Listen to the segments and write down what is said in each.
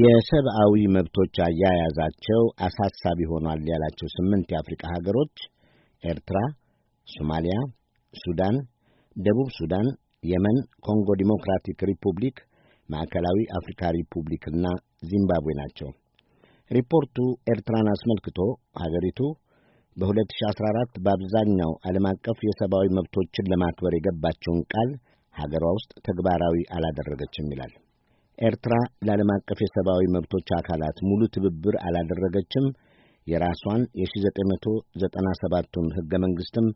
የሰብአዊ መብቶች አያያዛቸው አሳሳቢ ሆኗል ያላቸው ስምንት የአፍሪካ ሀገሮች ኤርትራ፣ ሶማሊያ፣ ሱዳን፣ ደቡብ ሱዳን፣ የመን፣ ኮንጎ ዲሞክራቲክ ሪፑብሊክ፣ ማዕከላዊ አፍሪካ ሪፑብሊክና ዚምባብዌ ናቸው። ሪፖርቱ ኤርትራን አስመልክቶ ሀገሪቱ በ2014 በአብዛኛው ዓለም አቀፍ የሰብአዊ መብቶችን ለማክበር የገባቸውን ቃል ሀገሯ ውስጥ ተግባራዊ አላደረገችም ይላል። ኤርትራ ለዓለም አቀፍ የሰብአዊ መብቶች አካላት ሙሉ ትብብር አላደረገችም፣ የራሷን የ1997ቱን ሕገ መንግሥትም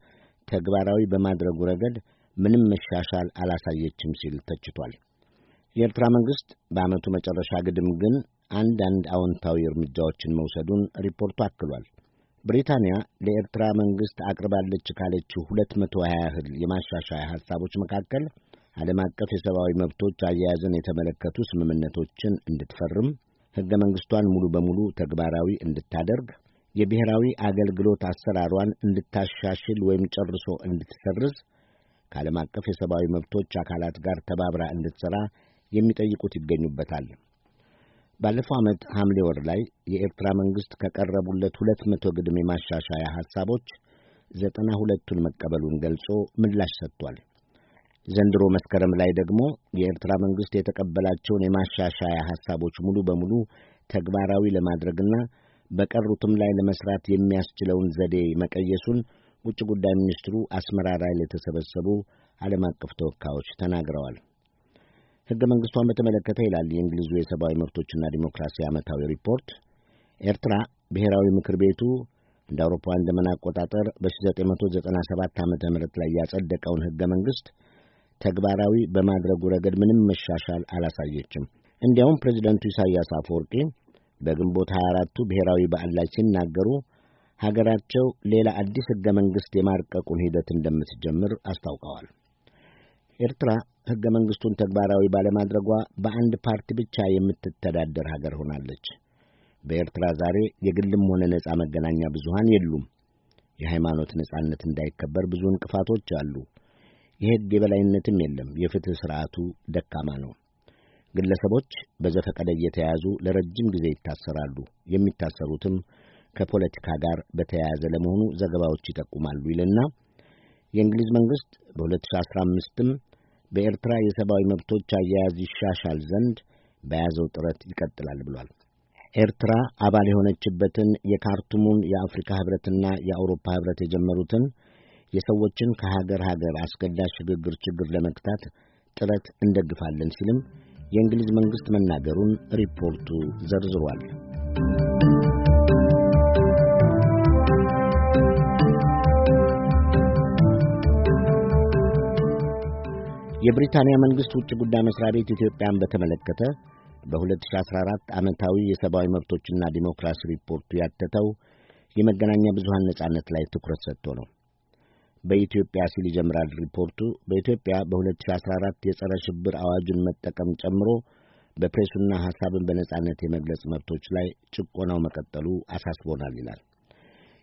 ተግባራዊ በማድረጉ ረገድ ምንም መሻሻል አላሳየችም ሲል ተችቷል። የኤርትራ መንግሥት በዓመቱ መጨረሻ ግድም ግን አንዳንድ አዎንታዊ እርምጃዎችን መውሰዱን ሪፖርቱ አክሏል። ብሪታንያ ለኤርትራ መንግሥት አቅርባለች ካለችው 220 ያህል የማሻሻያ ሐሳቦች መካከል ዓለም አቀፍ የሰብአዊ መብቶች አያያዝን የተመለከቱ ስምምነቶችን እንድትፈርም፣ ሕገ መንግሥቷን ሙሉ በሙሉ ተግባራዊ እንድታደርግ፣ የብሔራዊ አገልግሎት አሰራሯን እንድታሻሽል ወይም ጨርሶ እንድትሰርዝ፣ ከዓለም አቀፍ የሰብአዊ መብቶች አካላት ጋር ተባብራ እንድትሠራ የሚጠይቁት ይገኙበታል። ባለፈው ዓመት ሐምሌ ወር ላይ የኤርትራ መንግሥት ከቀረቡለት ሁለት መቶ ግድም የማሻሻያ ሐሳቦች ዘጠና ሁለቱን መቀበሉን ገልጾ ምላሽ ሰጥቷል። ዘንድሮ መስከረም ላይ ደግሞ የኤርትራ መንግሥት የተቀበላቸውን የማሻሻያ ሐሳቦች ሙሉ በሙሉ ተግባራዊ ለማድረግና በቀሩትም ላይ ለመስራት የሚያስችለውን ዘዴ መቀየሱን ውጭ ጉዳይ ሚኒስትሩ አስመራ ላይ ለተሰበሰቡ ዓለም አቀፍ ተወካዮች ተናግረዋል። ሕገ መንግሥቷን በተመለከተ ይላል የእንግሊዙ የሰብአዊ መብቶችና ዲሞክራሲ ዓመታዊ ሪፖርት፣ ኤርትራ ብሔራዊ ምክር ቤቱ እንደ አውሮፓውያን ዘመን አቆጣጠር በ1997 ዓ ም ላይ ያጸደቀውን ሕገ መንግሥት ተግባራዊ በማድረጉ ረገድ ምንም መሻሻል አላሳየችም። እንዲያውም ፕሬዚደንቱ ኢሳያስ አፈወርቂ በግንቦት 24ቱ ብሔራዊ በዓል ላይ ሲናገሩ ሀገራቸው ሌላ አዲስ ሕገ መንግሥት የማርቀቁን ሂደት እንደምትጀምር አስታውቀዋል። ኤርትራ ሕገ መንግሥቱን ተግባራዊ ባለማድረጓ በአንድ ፓርቲ ብቻ የምትተዳደር ሀገር ሆናለች። በኤርትራ ዛሬ የግልም ሆነ ነፃ መገናኛ ብዙሃን የሉም። የሃይማኖት ነጻነት እንዳይከበር ብዙ እንቅፋቶች አሉ። የሕግ የበላይነትም የለም። የፍትሕ ሥርዓቱ ደካማ ነው። ግለሰቦች በዘፈቀደ እየተያዙ ለረጅም ጊዜ ይታሰራሉ። የሚታሰሩትም ከፖለቲካ ጋር በተያያዘ ለመሆኑ ዘገባዎች ይጠቁማሉ ይልና የእንግሊዝ መንግሥት በ2015ም በኤርትራ የሰብአዊ መብቶች አያያዝ ይሻሻል ዘንድ በያዘው ጥረት ይቀጥላል ብሏል። ኤርትራ አባል የሆነችበትን የካርቱሙን የአፍሪካ ኅብረትና የአውሮፓ ኅብረት የጀመሩትን የሰዎችን ከሀገር ሀገር አስገዳጅ ሽግግር ችግር ለመግታት ጥረት እንደግፋለን ሲልም የእንግሊዝ መንግሥት መናገሩን ሪፖርቱ ዘርዝሯል። የብሪታንያ መንግሥት ውጭ ጉዳይ መሥሪያ ቤት ኢትዮጵያን በተመለከተ በ2014 ዓመታዊ የሰብአዊ መብቶችና ዲሞክራሲ ሪፖርቱ ያተተው የመገናኛ ብዙሃን ነጻነት ላይ ትኩረት ሰጥቶ ነው። በኢትዮጵያ ሲል ይጀምራል ሪፖርቱ። በኢትዮጵያ በ2014 የጸረ ሽብር አዋጁን መጠቀም ጨምሮ በፕሬሱና ሐሳብን በነጻነት የመግለጽ መብቶች ላይ ጭቆናው መቀጠሉ አሳስቦናል ይላል።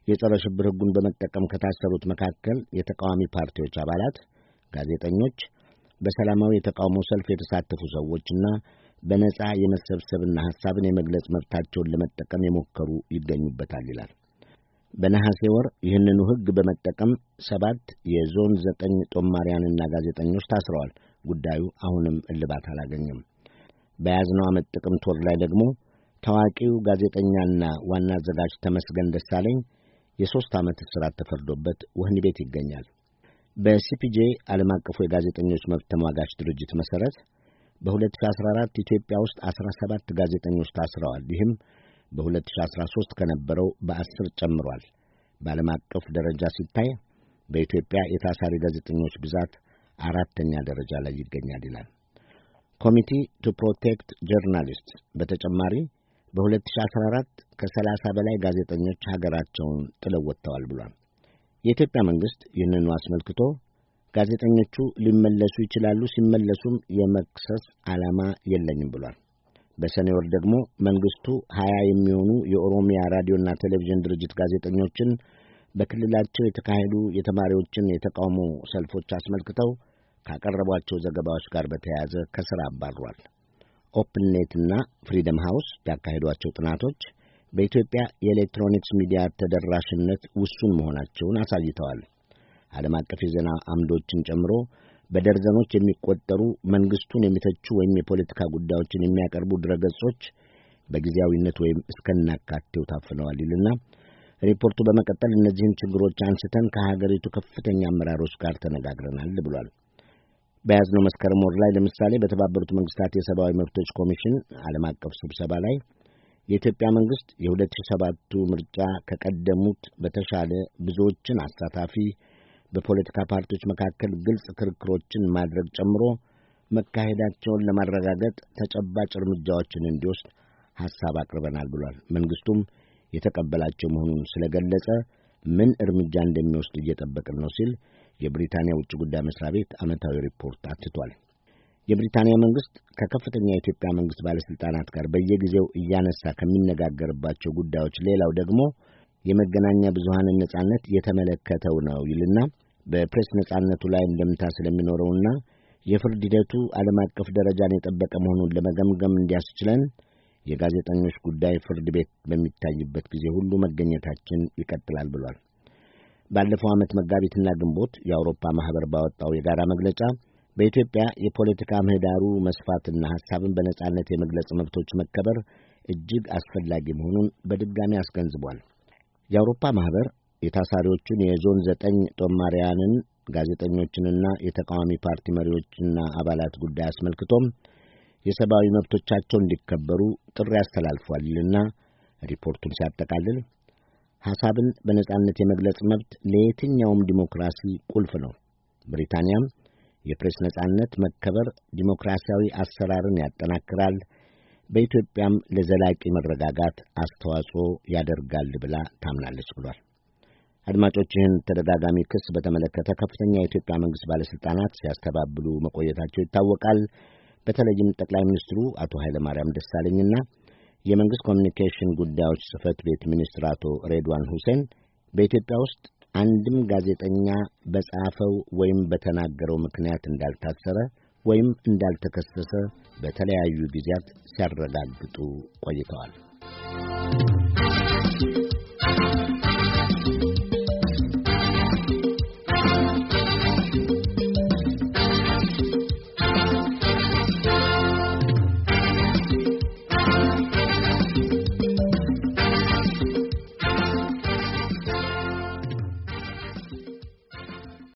የጸረ ሽብር ሕጉን በመጠቀም ከታሰሩት መካከል የተቃዋሚ ፓርቲዎች አባላት፣ ጋዜጠኞች፣ በሰላማዊ የተቃውሞ ሰልፍ የተሳተፉ ሰዎችና በነጻ የመሰብሰብና ሐሳብን የመግለጽ መብታቸውን ለመጠቀም የሞከሩ ይገኙበታል ይላል። በነሐሴ ወር ይህንኑ ሕግ በመጠቀም ሰባት የዞን ዘጠኝ ጦማሪያንና ጋዜጠኞች ታስረዋል። ጉዳዩ አሁንም እልባት አላገኘም። በያዝነው ዓመት ጥቅምት ወር ላይ ደግሞ ታዋቂው ጋዜጠኛና ዋና አዘጋጅ ተመስገን ደሳለኝ የሦስት ዓመት እስራት ተፈርዶበት ወህኒ ቤት ይገኛል። በሲፒጄ ዓለም አቀፉ የጋዜጠኞች መብት ተሟጋች ድርጅት መሠረት በ2014 ኢትዮጵያ ውስጥ 17 ጋዜጠኞች ታስረዋል። ይህም በ2013 ከነበረው በአስር ጨምሯል። በዓለም አቀፍ ደረጃ ሲታይ በኢትዮጵያ የታሳሪ ጋዜጠኞች ብዛት አራተኛ ደረጃ ላይ ይገኛል ይላል ኮሚቲ ቱ ፕሮቴክት ጀርናሊስት። በተጨማሪ በ2014 ከ30 በላይ ጋዜጠኞች ሀገራቸውን ጥለው ወጥተዋል ብሏል። የኢትዮጵያ መንግሥት ይህንኑ አስመልክቶ ጋዜጠኞቹ ሊመለሱ ይችላሉ፣ ሲመለሱም የመክሰስ ዓላማ የለኝም ብሏል። በሰኔ ወር ደግሞ መንግስቱ ሀያ የሚሆኑ የኦሮሚያ ራዲዮና ቴሌቪዥን ድርጅት ጋዜጠኞችን በክልላቸው የተካሄዱ የተማሪዎችን የተቃውሞ ሰልፎች አስመልክተው ካቀረቧቸው ዘገባዎች ጋር በተያያዘ ከሥራ አባሯል። ኦፕንኔትና ፍሪደም ሃውስ ያካሄዷቸው ጥናቶች በኢትዮጵያ የኤሌክትሮኒክስ ሚዲያ ተደራሽነት ውሱን መሆናቸውን አሳይተዋል። ዓለም አቀፍ የዜና አምዶችን ጨምሮ በደርዘኖች የሚቆጠሩ መንግሥቱን የሚተቹ ወይም የፖለቲካ ጉዳዮችን የሚያቀርቡ ድረገጾች በጊዜያዊነት ወይም እስከናካቴው ታፍነዋል ይልና ሪፖርቱ በመቀጠል እነዚህን ችግሮች አንስተን ከሀገሪቱ ከፍተኛ አመራሮች ጋር ተነጋግረናል ብሏል። በያዝነው መስከረም ወር ላይ ለምሳሌ በተባበሩት መንግስታት የሰብአዊ መብቶች ኮሚሽን ዓለም አቀፍ ስብሰባ ላይ የኢትዮጵያ መንግስት የ2007ቱ ምርጫ ከቀደሙት በተሻለ ብዙዎችን አሳታፊ በፖለቲካ ፓርቲዎች መካከል ግልጽ ክርክሮችን ማድረግ ጨምሮ መካሄዳቸውን ለማረጋገጥ ተጨባጭ እርምጃዎችን እንዲወስድ ሐሳብ አቅርበናል ብሏል። መንግሥቱም የተቀበላቸው መሆኑን ስለገለጸ ምን እርምጃ እንደሚወስድ እየጠበቅን ነው ሲል የብሪታንያ ውጭ ጉዳይ መስሪያ ቤት ዓመታዊ ሪፖርት አትቷል። የብሪታንያ መንግሥት ከከፍተኛ የኢትዮጵያ መንግሥት ባለሥልጣናት ጋር በየጊዜው እያነሳ ከሚነጋገርባቸው ጉዳዮች ሌላው ደግሞ የመገናኛ ብዙሃንን ነጻነት የተመለከተው ነው ይልና በፕሬስ ነጻነቱ ላይ እንደምታ ስለሚኖረውና የፍርድ ሂደቱ ዓለም አቀፍ ደረጃን የጠበቀ መሆኑን ለመገምገም እንዲያስችለን የጋዜጠኞች ጉዳይ ፍርድ ቤት በሚታይበት ጊዜ ሁሉ መገኘታችን ይቀጥላል ብሏል። ባለፈው ዓመት መጋቢትና ግንቦት የአውሮፓ ማኅበር ባወጣው የጋራ መግለጫ በኢትዮጵያ የፖለቲካ ምህዳሩ መስፋትና ሐሳብን በነጻነት የመግለጽ መብቶች መከበር እጅግ አስፈላጊ መሆኑን በድጋሚ አስገንዝቧል። የአውሮፓ ማኅበር የታሳሪዎቹን የዞን ዘጠኝ ጦማሪያንን ጋዜጠኞችንና የተቃዋሚ ፓርቲ መሪዎችና አባላት ጉዳይ አስመልክቶም የሰብአዊ መብቶቻቸው እንዲከበሩ ጥሪ ይልና ሪፖርቱን ሲያጠቃልል ሐሳብን በነጻነት የመግለጽ መብት ለየትኛውም ዲሞክራሲ ቁልፍ ነው። ብሪታንያም የፕሬስ ነጻነት መከበር ዲሞክራሲያዊ አሰራርን ያጠናክራል፣ በኢትዮጵያም ለዘላቂ መረጋጋት አስተዋጽኦ ያደርጋል ብላ ታምናለች ብሏል። አድማጮች ይህን ተደጋጋሚ ክስ በተመለከተ ከፍተኛ የኢትዮጵያ መንግስት ባለስልጣናት ሲያስተባብሉ መቆየታቸው ይታወቃል። በተለይም ጠቅላይ ሚኒስትሩ አቶ ኃይለማርያም ደሳለኝና የመንግስት ኮሚኒኬሽን ጉዳዮች ጽህፈት ቤት ሚኒስትር አቶ ሬድዋን ሁሴን በኢትዮጵያ ውስጥ አንድም ጋዜጠኛ በጻፈው ወይም በተናገረው ምክንያት እንዳልታሰረ ወይም እንዳልተከሰሰ በተለያዩ ጊዜያት ሲያረጋግጡ ቆይተዋል።